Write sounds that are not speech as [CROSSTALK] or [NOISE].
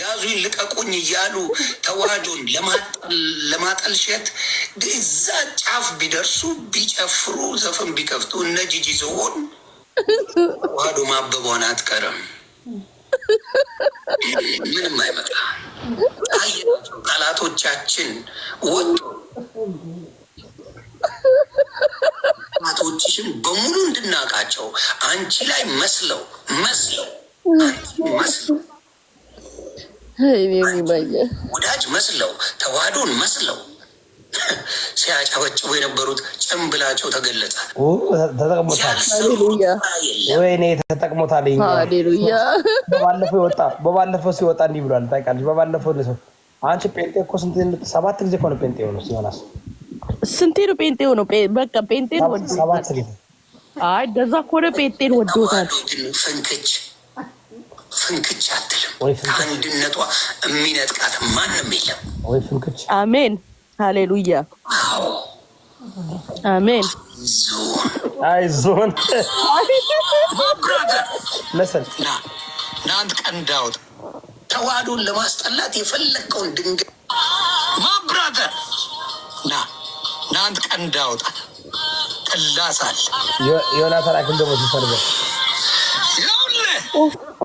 ያዙኝ ልቀቁኝ እያሉ ተዋህዶን ለማጠልሸት እዛ ጫፍ ቢደርሱ ቢጨፍሩ ዘፈን ቢከፍቱ እነ ጂጂ ዝሆን ተዋህዶ ማበቧን አትቀርም። ምንም አይመጣ። አየናቸው ጠላቶቻችን ወጡ። ጠላቶችሽን በሙሉ እንድናቃቸው አንቺ ላይ መስለው መስለው ወዳጅ መስለው ተዋህዶን መስለው [LAUGHS] ሲያጨበጭቡ የነበሩት ጭምብላቸው ተገለጸ። ተጠቅሞታልወይኔ ተጠቅሞታል። በባለፈው ይወጣ በባለፈው ሲወጣ እንዲህ ብሏል። ታውቂያለሽ፣ በባለፈው ሰው አንቺ ጴንጤ እኮ ስንት ሰባት ጊዜ እኮ ነው ጴንጤ ሆነ ሲሆናስ ስንቴ ነው ጴንጤ ሆኖ በቃ ጴንጤን ወዶታል። አይ እንደዛ ከሆነ ጴንጤን ወዶታል። ፍንክች ፍንክች አትልም። ከአንድነቷ የሚነጥቃት ማንም የለም። አሜን፣ ሃሌሉያ፣ አሜን። አይዞን ለአንድ ቀን ተዋህዶን ለማስጠላት የፈለግከውን ድንጋይ ማብራተር ና ለአንድ ቀን ጥላሳል ዮናታን አክል ደግሞ ሲሰርበ